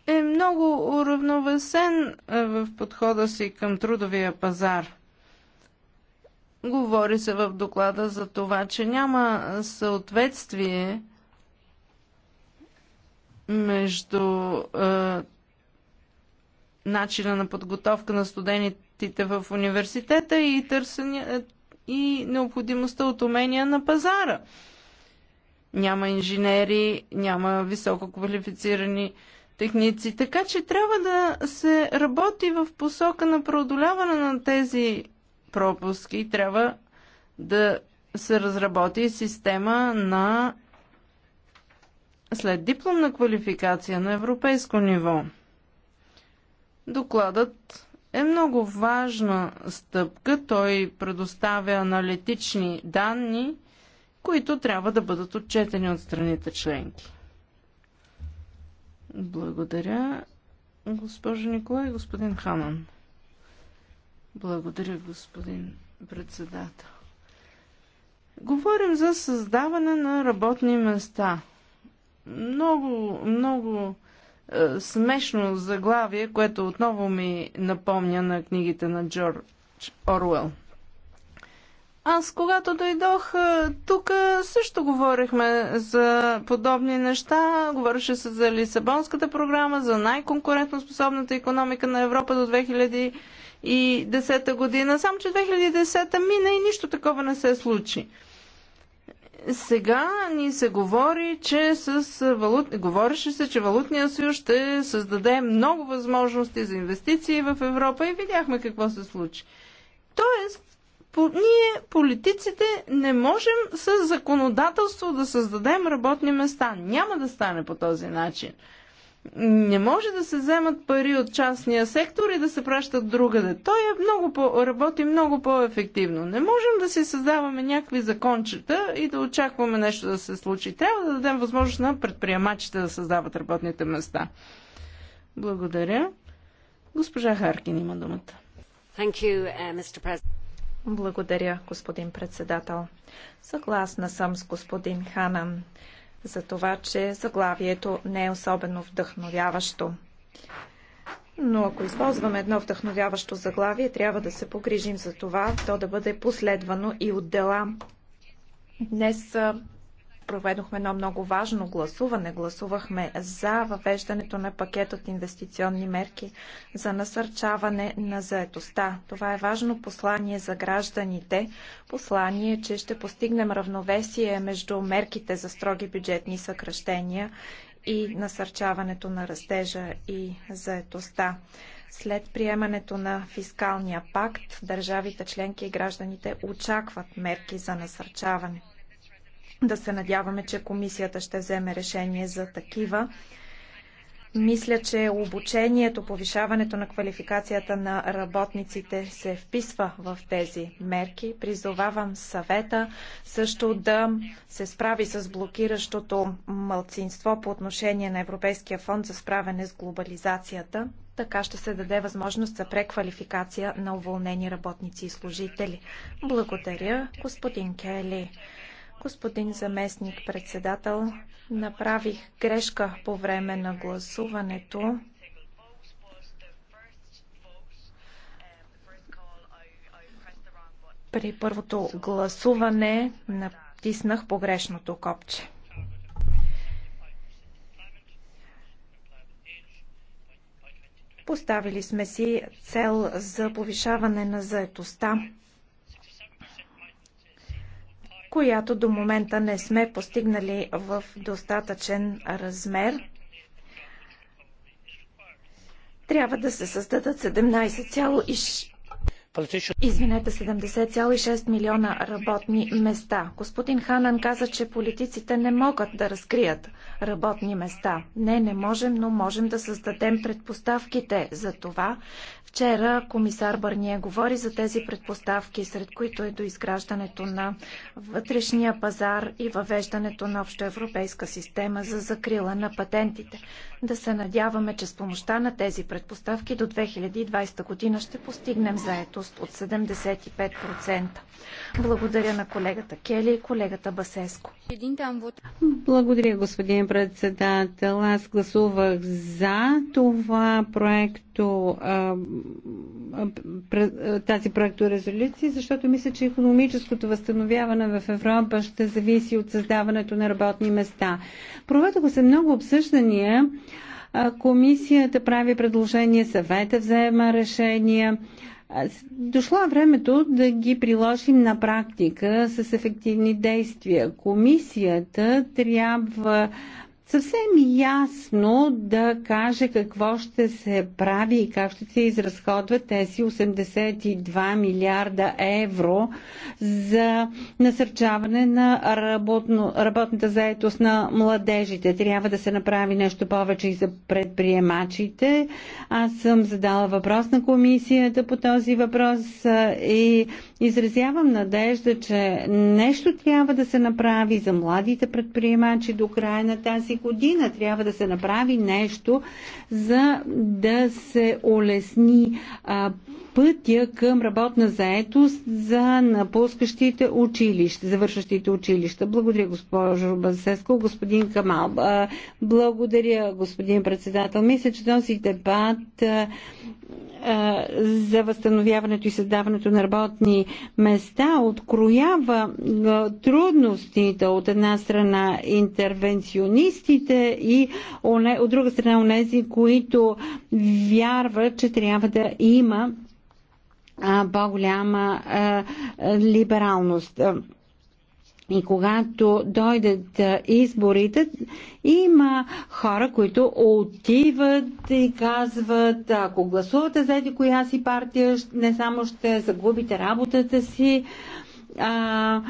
е много уравновесен в подхода си към трудовия пазар. Говори се в доклада за това, че няма съответствие между е, начина на подготовка на студентите в университета и търсене и необходимостта от умения на пазара. Няма инженери, няма високо квалифицирани техници, така че трябва да се работи в посока на преодоляване на тези пропуски. Трябва да се разработи система на след дипломна квалификация на европейско ниво. Докладът е много важна стъпка. Той предоставя аналитични данни, които трябва да бъдат отчетени от страните членки. Благодаря, госпожо Николай и господин Ханан. Благодаря, господин председател. Говорим за създаване на работни места. Много, много е, смешно заглавие, което отново ми напомня на книгите на Джордж Оруел. Аз, когато дойдох е, тук, също говорихме за подобни неща. Говореше се за Лисабонската програма, за най-конкурентоспособната економика на Европа до 2010 година. Само, че 2010 мина и нищо такова не се случи. Сега ни се говори, че с валут... говореше се, че валутния съюз ще създаде много възможности за инвестиции в Европа и видяхме какво се случи. Тоест, по... ние, политиците, не можем с законодателство да създадем работни места. Няма да стане по този начин. Не може да се вземат пари от частния сектор и да се пращат другаде. Той е много по, работи много по-ефективно. Не можем да си създаваме някакви закончета и да очакваме нещо да се случи. Трябва да дадем възможност на предприемачите да създават работните места. Благодаря. Госпожа Харкин има думата. Thank you, uh, Mr. President. Благодаря, господин председател. Съгласна съм с господин Ханан за това, че заглавието не е особено вдъхновяващо. Но ако използваме едно вдъхновяващо заглавие, трябва да се погрижим за това, то да бъде последвано и от дела. Днес проведохме едно много важно гласуване. Гласувахме за въвеждането на пакет от инвестиционни мерки за насърчаване на заетостта. Това е важно послание за гражданите. Послание, че ще постигнем равновесие между мерките за строги бюджетни съкръщения и насърчаването на растежа и заетостта. След приемането на фискалния пакт, държавите членки и гражданите очакват мерки за насърчаване. Да се надяваме, че комисията ще вземе решение за такива. Мисля, че обучението, повишаването на квалификацията на работниците се вписва в тези мерки. Призовавам съвета също да се справи с блокиращото мълцинство по отношение на Европейския фонд за справяне с глобализацията. Така ще се даде възможност за преквалификация на уволнени работници и служители. Благодаря, господин Кели. Господин заместник председател, направих грешка по време на гласуването. При първото гласуване натиснах погрешното копче. Поставили сме си цел за повишаване на заетостта която до момента не сме постигнали в достатъчен размер. Трябва да се създадат 17,6 Извинете, 70,6 милиона работни места. Господин Ханан каза, че политиците не могат да разкрият работни места. Не, не можем, но можем да създадем предпоставките за това, Вчера комисар Бърние говори за тези предпоставки, сред които е до изграждането на вътрешния пазар и въвеждането на общоевропейска система за закрила на патентите. Да се надяваме, че с помощта на тези предпоставки до 2020 година ще постигнем заетост от 75%. Благодаря на колегата Кели и колегата Басеско. Благодаря, господин председател. Аз гласувах за това проекто тази проекторезолюция, защото мисля, че економическото възстановяване в Европа ще зависи от създаването на работни места. Проведоха се много обсъждания. Комисията прави предложения, съвета взема решения. Дошло е времето да ги приложим на практика с ефективни действия. Комисията трябва съвсем ясно да каже какво ще се прави и как ще се изразходват тези 82 милиарда евро за насърчаване на работно, работната заетост на младежите. Трябва да се направи нещо повече и за предприемачите. Аз съм задала въпрос на комисията по този въпрос и Изразявам надежда, че нещо трябва да се направи за младите предприемачи до края на тази година. Трябва да се направи нещо, за да се улесни а, пътя към работна заетост за напускащите училища, завършващите училища. Благодаря, госпожо Басеско, господин Камал. Благодаря, господин председател. Мисля, че този дебат е, за възстановяването и създаването на работни места откроява е, трудностите от една страна интервенционистите и от друга страна онези, които вярват, че трябва да има е, по-голяма либералност. И когато дойдат изборите, има хора, които отиват и казват, ако гласувате за еди коя си партия, не само ще загубите работата си, а,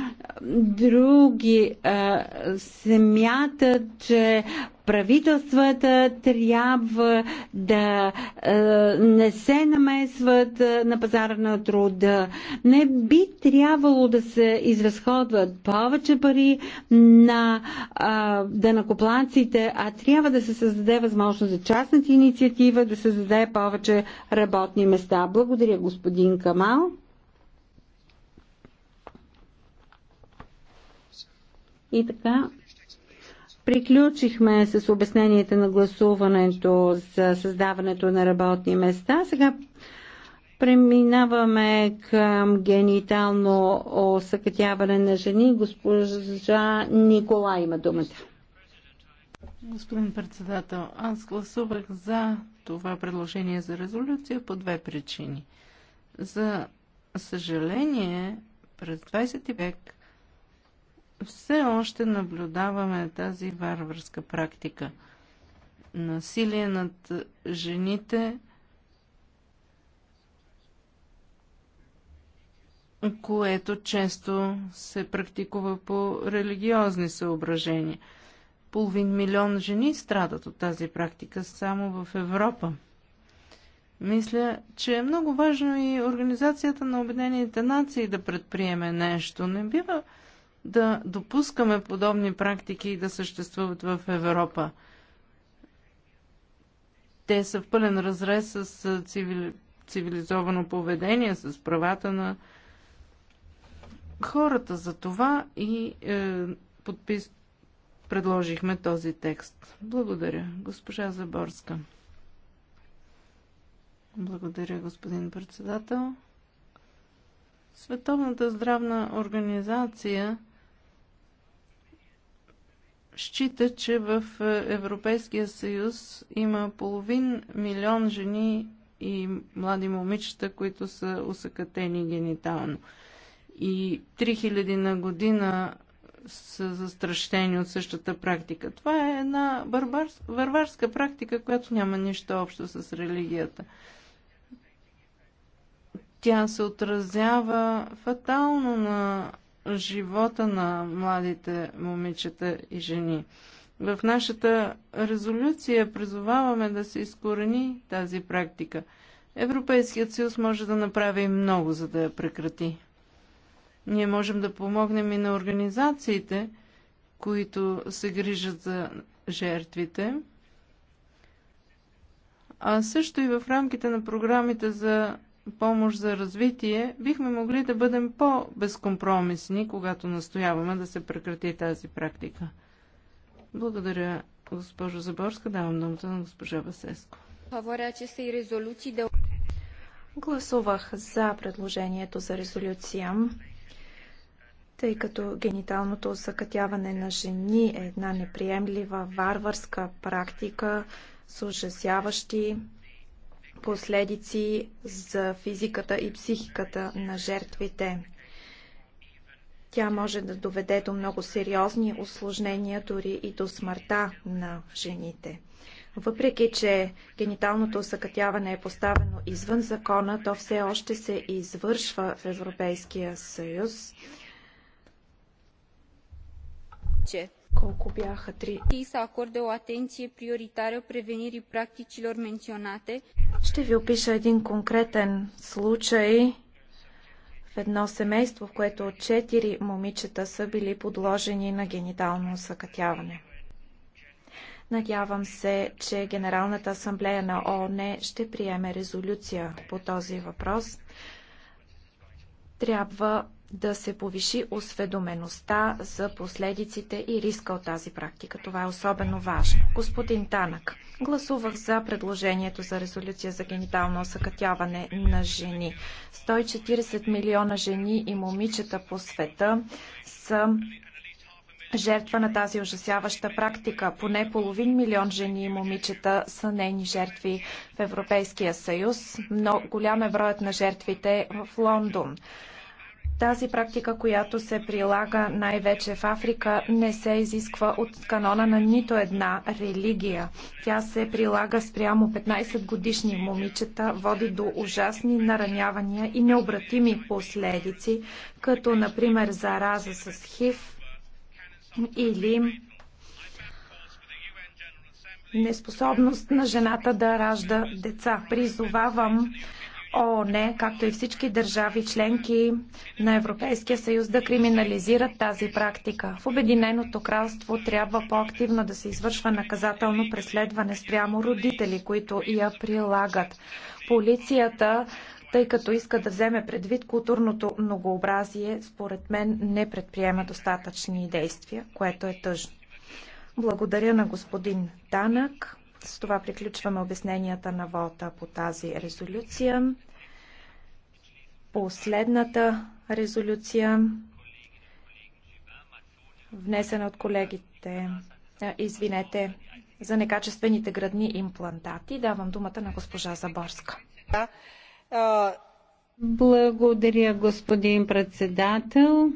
други а, смятат, че правителствата трябва да а, не се намесват а, на пазара на труда. Не би трябвало да се изразходват повече пари на а, данакоплаците, а трябва да се създаде възможност за частната инициатива, да се създаде повече работни места. Благодаря, господин Камал. И така, приключихме с обясненията на гласуването за създаването на работни места. Сега преминаваме към генитално осъкътяване на жени. Госпожа Никола има думата. Господин председател, аз гласувах за това предложение за резолюция по две причини. За съжаление, през 20 век все още наблюдаваме тази варварска практика. Насилие над жените, което често се практикува по религиозни съображения. Половин милион жени страдат от тази практика само в Европа. Мисля, че е много важно и Организацията на Обединените нации да предприеме нещо. Не бива да допускаме подобни практики да съществуват в Европа. Те са в пълен разрез с цивили... цивилизовано поведение, с правата на хората за това и е, подпис... предложихме този текст. Благодаря, госпожа Заборска. Благодаря, господин председател. Световната здравна организация счита, че в е, Европейския съюз има половин милион жени и млади момичета, които са усъкътени генитално. И 3000 на година са застрашени от същата практика. Това е една варварска практика, която няма нищо общо с религията. Тя се отразява фатално на живота на младите момичета и жени. В нашата резолюция призоваваме да се изкорени тази практика. Европейският съюз може да направи много, за да я прекрати. Ние можем да помогнем и на организациите, които се грижат за жертвите, а също и в рамките на програмите за помощ за развитие, бихме могли да бъдем по-безкомпромисни, когато настояваме да се прекрати тази практика. Благодаря, госпожо Заборска. Давам думата на госпожа Васеско. Гласувах за предложението за резолюция, тъй като гениталното закатяване на жени е една неприемлива варварска практика с ужасяващи последици за физиката и психиката на жертвите. Тя може да доведе до много сериозни осложнения, дори и до смъртта на жените. Въпреки, че гениталното съкътяване е поставено извън закона, то все още се извършва в Европейския съюз. Колко бяха три? И са акорде prevenirii practicilor menționate. Ще ви опиша един конкретен случай в едно семейство, в което четири момичета са били подложени на генитално съкътяване. Надявам се, че Генералната асамблея на ООН ще приеме резолюция по този въпрос. Трябва да се повиши осведомеността за последиците и риска от тази практика. Това е особено важно. Господин Танък, гласувах за предложението за резолюция за генитално осъкътяване на жени. 140 милиона жени и момичета по света са жертва на тази ужасяваща практика. Поне половин милион жени и момичета са нейни жертви в Европейския съюз. Но голям е броят на жертвите в Лондон. Тази практика, която се прилага най-вече в Африка, не се изисква от канона на нито една религия. Тя се прилага спрямо 15 годишни момичета, води до ужасни наранявания и необратими последици, като например зараза с хив или неспособност на жената да ражда деца. Призовавам ООН, както и всички държави членки на Европейския съюз да криминализират тази практика. В Обединеното кралство трябва по-активно да се извършва наказателно преследване спрямо родители, които я прилагат. Полицията тъй като иска да вземе предвид културното многообразие, според мен не предприема достатъчни действия, което е тъжно. Благодаря на господин Танък. С това приключваме обясненията на Волта по тази резолюция. Последната резолюция, внесена от колегите, извинете, за некачествените градни имплантати. Давам думата на госпожа Заборска. Благодаря, господин председател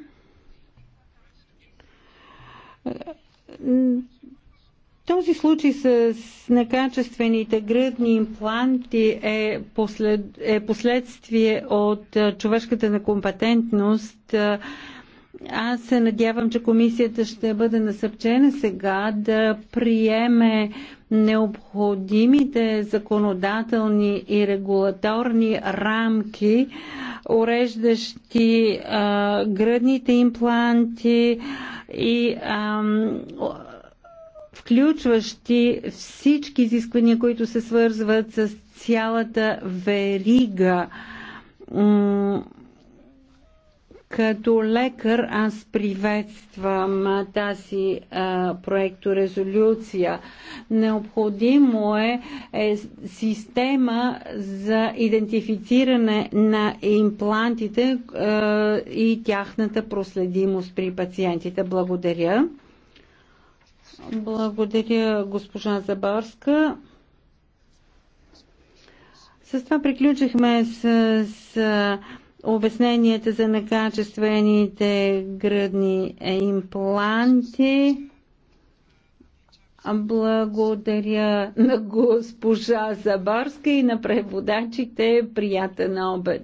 този случай с некачествените гръдни импланти е, послед, е последствие от човешката некомпетентност. Аз се надявам, че комисията ще бъде насъпчена сега да приеме необходимите законодателни и регулаторни рамки, уреждащи а, гръдните импланти и а, включващи всички изисквания, които се свързват с цялата верига. Като лекар аз приветствам тази проекторезолюция. Необходимо е, е система за идентифициране на имплантите а, и тяхната проследимост при пациентите. Благодаря. Благодаря, госпожа Заборска. С това приключихме с, с обясненията за некачествените гръдни импланти. Благодаря на госпожа Заборска и на преводачите. Приятен обед!